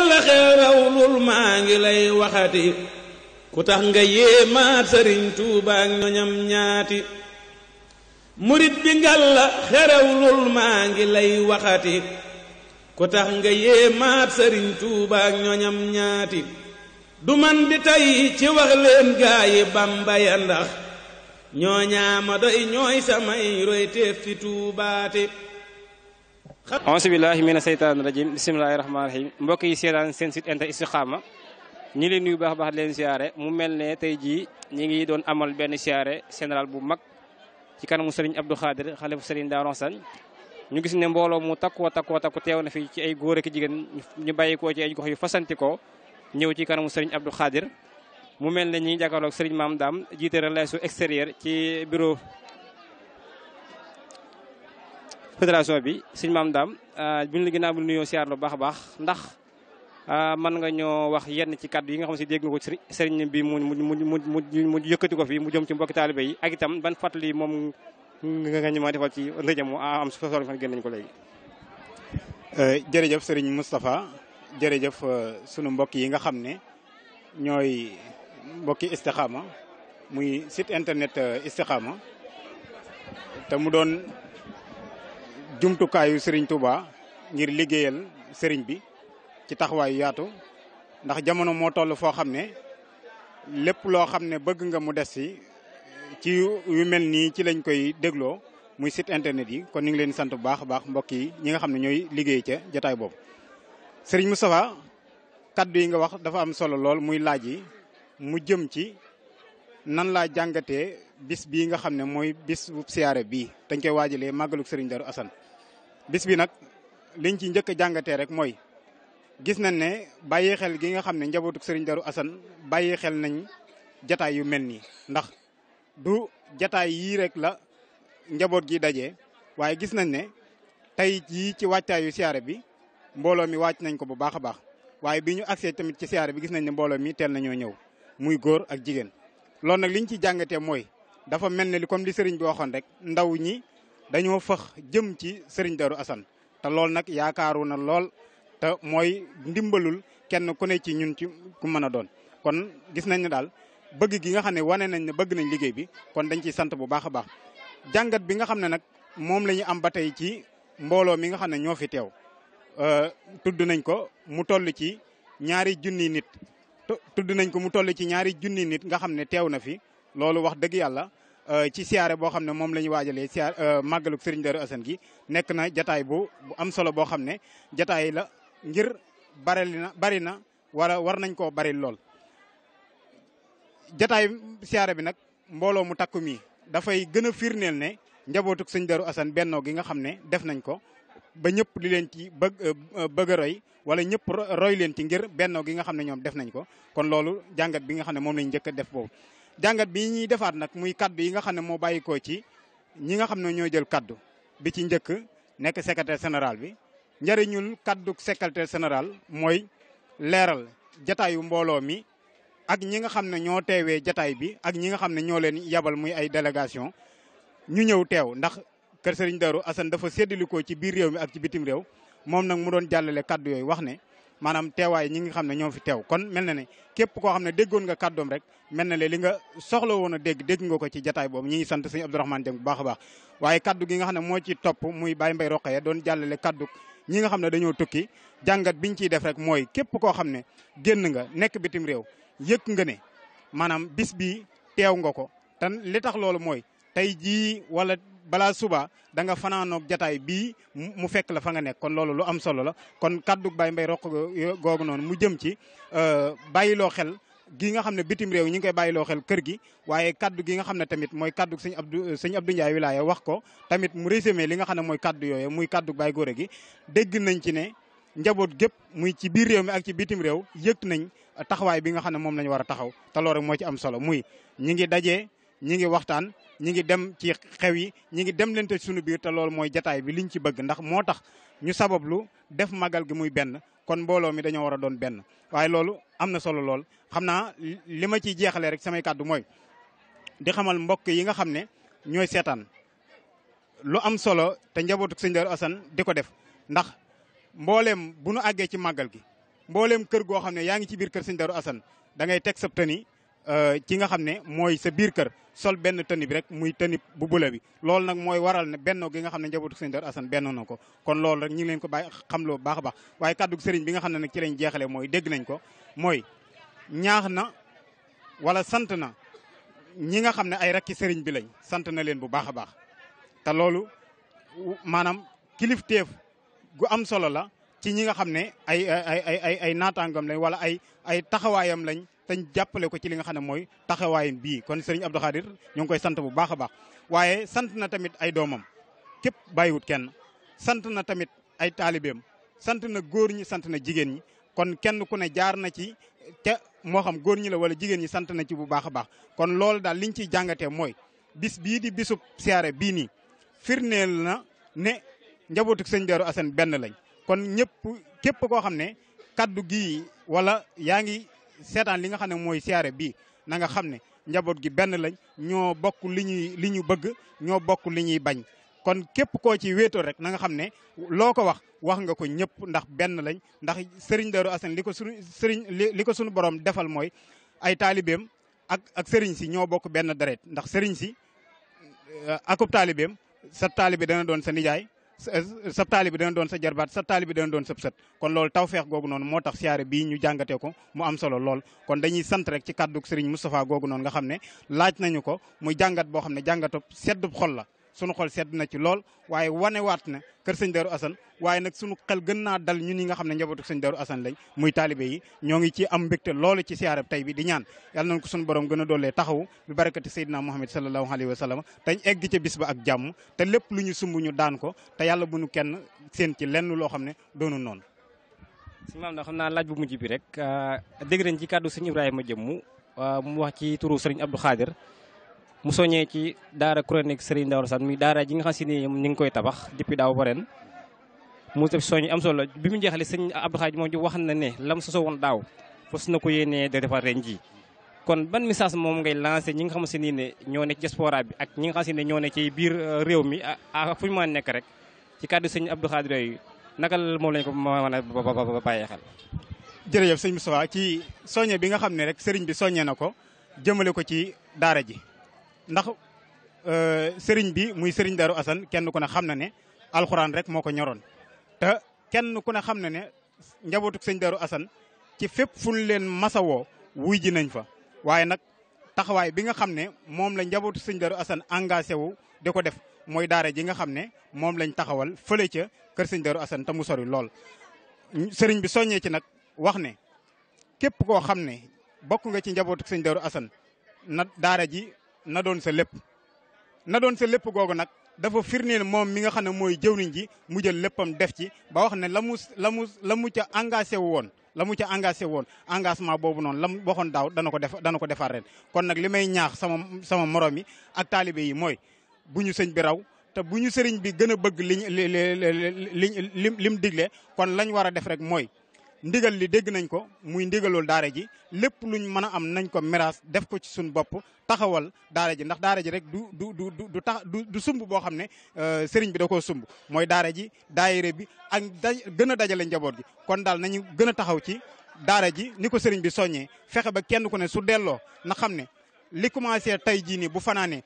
yàlla maa ngi lay waxati ku tax nga yéemaat sëriñ Tuubaa ñoñam ñaati murit bi ngal xerewlul maa ngi lay waxati ku tax nga yéemaat sëriñ Tuubaa ak ñoñam ñaati du man di tey ci wax leen gaa yi ya ndax ñoo ñaama doy ñooy samay roy teef fi tuubaati auzu billahi mina seytaani rajim bismillahi rahmaani rahim mbokk yi seetaan seen site inter istiqaama ñi leen nuyu baax baax di leen siyaare mu mel ne tey jii ñi ngi doon amal benn siyaare général bu mag ci kanamu sëriñ Abdou Khadir xalifu sëriñ Daaron Sagne ñu gis ne mbooloo mu takkoo takkoo takku teew na fi ci ay góor ak jigéen ñu bàyyikoo ci ay gox yu fasantikoo ñëw ci kanamu sëriñ Abdou Khadir mu mel ne ñi ngi jàkkaarloog sëriñ Maam Daam jiite relation extérieure ci bureau fédération bi sëñ Maam Dame euh, bu ñu la bu nuyoo siyaar lu baax a baax ndax euh, man nga ñoo wax yenn ci kàddu yi nga xam si dégg nga ko sëriñ bi mu mu mu mu yëkkati ko fii mu jëm ci mbokki taalibe yi ak itam ban fàttali moom nga ñu ma defal ci ndaje mu am solo fan génn nañ ko léegi. Euh, jërëjëf sëriñ Moustapha jërëjëf sunu mbokk yi nga xam ne ñooy mbokki Istikhama muy site internet Istikhama te mu doon. jumtukaayu sëriñ Touba ngir liggéeyal sëriñ bi ci taxawaayu yaatu ndax jamono moo toll foo xam ne lépp loo xam ne bëgg nga mu des si ci yu mel nii ci lañ koy dégloo muy site internet yi kon ñu ngi leen sant bu baax a baax mbokk yi ñi nga xam ne ñooy liggéey ca jotaay boobu. Serigne Moustapha kaddu yi nga wax dafa am solo lool muy laaj yi mu jëm ci nan laa jàngatee bis bii nga xam ne mooy bis bu siyaare bii dañ koy waajalee màggaluk sëriñ Darou Assane bis bi nag liñ ci njëkk a jàngatee rek mooy gis nañ ne bàyyi xel gi nga xam ne njabootu sëriñ daru Assane bàyyi xel nañ jataay yu mel nii ndax du jataay yii rek la njaboot gi daje waaye gis nañ ne tey jii ci wàccaayu siyaare bi mbooloo mi wàcc nañ ko bu baax a baax waaye bi ñu agsee tamit ci siyaare bi gis nañ ne mbooloo mi teel nañoo ñëw muy góor ak jigéen loolu nag liñ ci jàngatee mooy dafa mel ne li comme li sëriñ bi waxoon rek ndaw ñi dañoo fëx jëm ci Serigne daru Assane te loolu nag yaakaaru na lool te mooy ndimbalul kenn ku ne ci ñun ci ku mën a doon kon gis nañ ne daal bëgg gi nga xam ne wane nañ ne bëgg nañ liggéey bi kon dañ ciy sant bu baax a baax jàngat bi nga xam ne nag moom la ñu am ba tey ci mbooloo mi nga xam ne ñoo fi teew euh, tudd nañ ko mu toll ci ñaari junni nit tudd nañ ko mu toll ci ñaari junni nit nga xam ne teew na fi loolu wax dëgg yàlla Euh, ci siyaare boo xam ne moom la ñu waajalee siyaar euh, màggaluk Serigne Darou Assane gi nekk na jataay bu bu am solo boo xam ne jataay la ngir bareli na bari na wala war nañ koo bari lool. jataay siyaare bi nag mbooloo mu takku mi dafay gën a firndeel ne njabootuk Serigne Darou Assane bennoo gi nga xam ne def nañ ko. ba ñëpp di leen ci bëgg euh, bëgg roy wala ñëpp roy leen ci ngir benno gi nga xam ne ñoom def nañ ko kon loolu jàngat bi nga xam ne moom lañ njëkk a def boobu jàngat bi ñuy defaat nag muy kaddu yi nga xam ne moo bàyyikoo ci ñi nga xam ne ñoo jël kaddu bi ci njëkk nekk secretaire sénéral bi njëriñul kaddu secretaire sénéral mooy leeral jataayu mbooloo mi ak ñi nga xam ne ñoo teewee jataay bi ak ñi nga xam ne ñoo leen yabal muy ay délégation ñu ñëw teew ndax kër Serigne Darou assan dafa séddalikoo ci biir réew mi ak ci bitim réew moom nag mu doon jàllale kaddu yooyu wax ne maanaam teewaay ñi nga xam ne ñoo fi teew kon mel na ne képp koo xam ne déggoon nga kàddoom rek mel na ne li nga soxla woon a dégg dégg nga ko ci jataay boobu ñi ngi sant sëñ Abdourahmane Dieng bu baax a baax waaye kaddu gi nga xam ne moo ci topp muy Baye Mbaye Roqaya doon jàllale kaddu ñi nga xam ne dañoo tukki jàngat biñ ciy def rek mooy képp koo xam ne génn nga nekk bitim réew yëg nga ne maanaam bis bi teew nga ko tan li tax mooy tey jii wala balaa suba da nga fanaanoog jataay bii mu fekk la fa nga nekk kon loolu lu am solo la kon kaddu Baye Mbaye Roq googu noonu mu jëm ci euh, bàyyiloo xel gi nga xam ne bitim réew ñi ngi koy bàyyiloo xel kër gi waaye kaddu gi nga xam ne tamit mooy kaddu sëñ Abdou euh, sëñ Abdou Ndiaye wilaaya wax ko tamit mu résumé li nga xam ne mooy kaddu yooyu muy kaddu Baye Gora gi dégg nañ ci ne njaboot gépp muy ci biir réew mi ak ci bitim réew yëg nañ taxawaay bi nga xam ne moom lañu war a taxaw te loolu rek moo ci am solo muy ñi ngi dajee ñi ngi waxtaan ñi ngi dem ci xew yi ñi ngi dem lente sunu biir te lool mooy jataay bi liñ ci bëgg ndax moo tax ñu sabablu def magal gi muy benn kon mbooloo mi dañoo war a doon benn waaye loolu am na solo lool xam naa li ma ciy jeexalee rek samay kàddu mooy di xamal mbokk yi nga xam ne ñooy seetaan lu am solo te njabootu sëñ Darou Assane di ko def ndax mbooleem bu nu àggee ci màggal gi mbooleem kër goo xam ne yaa ngi ci biir kër sëñ Darou Assane da ngay teg sëb ci euh, nga xam ne mooy sa biir kër sol benn tëni bi rek muy tëni bu bula bi loolu nag mooy waral ne benn gi nga xam ne njabootu sëñ Darou Assane benn ko kon loolu rek ñu ngi leen ko bàyyi xamloo baax a baax waaye kàddu sëriñ bi nga xam ne nag ci lañ jeexalee mooy dégg nañ ko mooy ñaax na wala sant na ñi nga xam ne ay rakki sëriñ bi lañ sant na leen bu baax a baax te loolu maanaam kilifteef gu am solo la ci ñi nga xam ne ay ay ay ay lañ wala ay ay taxawaayam lañ teñ jàppale ko ci li nga xam ne mooy taxawaayam bii kon sëriñ Abdou Khadir ñu ngi koy sant bu baax a baax waaye sant na tamit ay doomam képp bàyyiwut kenn sant na tamit ay taalibeem sant na góor ñi sant na jigéen ñi kon kenn ku ne jaar na ci ca moo xam góor ñi la wala jigéen ñi sant na ci bu baax a baax kon loolu daal liñ ciy jàngatee mooy bis bii di bisub siyaare bii nii firneel na ne njabootu sëñ Darou Assane benn lañ kon ñëpp képp koo xam ne kaddu gi wala yaa ngi seetaan li nga xam ne mooy siyaare bii na nga xam ne njaboot gi benn lañ ñoo bokk li ñuy li ñu bëgg ñoo bokk li ñuy bañ kon képp koo ci wéetoo rek na nga xam ne loo ko wax wax nga ko ñëpp ndax benn lañ ndax sëriñ daro Assane li ko suñu sëriñ li ko suñu borom defal mooy ay taalibeem ak ak sëriñ si ñoo bokk benn deret ndax sëriñ si euh, akub taalibeem sa taalibe dana doon sa nijaay sa taali bi dana doon sa jarbaat sa taali bi dana doon sëb sët kon loolu taw feex googu noonu moo tax siyaare bi ñu jàngatee ko mu am solo lool kon dañuy sant rek ci kàddug Serigne Moustapha googu noonu nga xam ne laaj nañu ko muy jàngat boo xam ne jàngatub seddu xol la sunu xol sedd na ci lool waaye wane waat na kër sëñ Darou Assane waaye nag sunu xel gën naa dal ñu ñi nga xam ne njabootu sëñ Darou Assane lañ muy taalibe yi ñoo ngi ci am mbégte loolu ci siyaarab tey bi di ñaan yàlla nañ ko sunu borom gën a doolee taxawu bi barakati Seydina Muhammad sallallahu alayhi wa sallam tañ egg ca bis ba ak jàmm te lépp lu ñu sumb ñu daan ko te yàlla bu nu kenn seen ci lenn loo xam ne doonu noonu si maam na xam naa laaj bu mujj bi rek ah, dégg nañ ci kàddu sëñ Ibrahima jëmm ah, mu wax ci turu sëriñ Abdou Khadir mu soññee ci daara chronique Serigne Darou Assane mi daara ji nga xam si ne ñu ngi koy tabax depuis daaw ba ren mu def soññ am solo bi mu jeexalee sëñ Abdou Khadre moom wax na ne lam soso woon daaw fas na ko yéenee de defar ren ji kon ban message moom ngay lancé ñi nga xam si nii ne ñoo ne ci diaspora bi ak ñi nga xam si ne ñoo ne ci biir euh, réew mi ak fu nekk rek ci kàddu sëñ Abdou Khadre yooyu naka moom lañ ko mën a bàyyee xel. jërëjëf sëñ Moustapha ci soññe bi nga xam ne rek sëriñ bi soññe na ko jëmale ko ci daara ji. ndax euh, sëriñ bi muy sëriñ Darou Assane kenn ku ne xam na ne alxuraan rek moo ko ñoroon te kenn ku ne xam na ne njabootu sëñ Darou Assane ci fépp fun leen masawoo wuy ji nañ fa waaye nag taxawaay bi nga xam ne moom la njabootu sëñ Darou Assane engagé wu di ko def mooy daara ji nga xam ne moom lañ taxawal fële ca kër sëñ Darou Assane te mu sori lool sëriñ bi soññee ci nag wax ne képp koo xam ne bokk nga ci njabootu sëñ Darou Assane na daara ji na doon sa lépp na doon sa lépp googu nag dafa firndeel moom mi nga xam ne mooy jëwriñ ji mu jël léppam def ci ba wax ne la mu la mu la mu ca engagé wu woon la mu ca engagé woon engagement boobu noonu la mu waxoon daaw dana ko def dana ko defar ren kon nag li may ñaax sama sama morom yi ak taalibe yi mooy bu ñu sëñ bi raw te bu ñu sëriñ bi gën a bëgg liñ lim li lim digle kon lañ war a def rek mooy ndigal li dégg nañ ko muy ndigalul daara ji lépp luñ mën a am nañ ko miraas def ko ci suñu bopp taxawal daara ji ndax daara ji rek du du du tax du sumb boo xam ne euh, sëriñ bi da koo sumb mooy daara ji daayire bi ak gën a dajale njaboot gi kon daal nañu gën a taxaw ci daara ji ni ko sëriñ bi soññee fexe ba kenn ko ne su delloo na xam ne li commencé tey jii nii bu fanaanee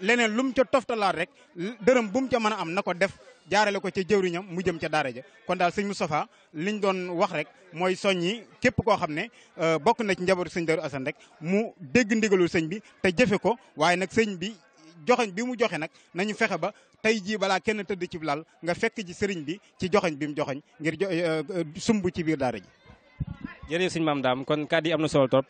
leneen lu mu ca toftalaat rek dërëm bu mu ca mën a am na ko def jaarale ko ca jëwriñam mu jëm ca daara ja kon daal sëñ Moustapha liñ doon wax rek mooy soññi képp koo xam ne euh, bokk na ci njabootu sëñ Darou Assane rek mu dégg ndigalul sëñ bi te jëfe ko waaye nag sëñ bi joxeñ bi mu joxe nag nañu fexe ba tey jii balaa kenn tëdd cib lal nga fekk ji sëriñ bi ci joxeñ bi mu joxeñ ngir euh, euh, sumb ci biir daara ji. jërëjëf sëñ maam daam kon kàddu yi am na solo trop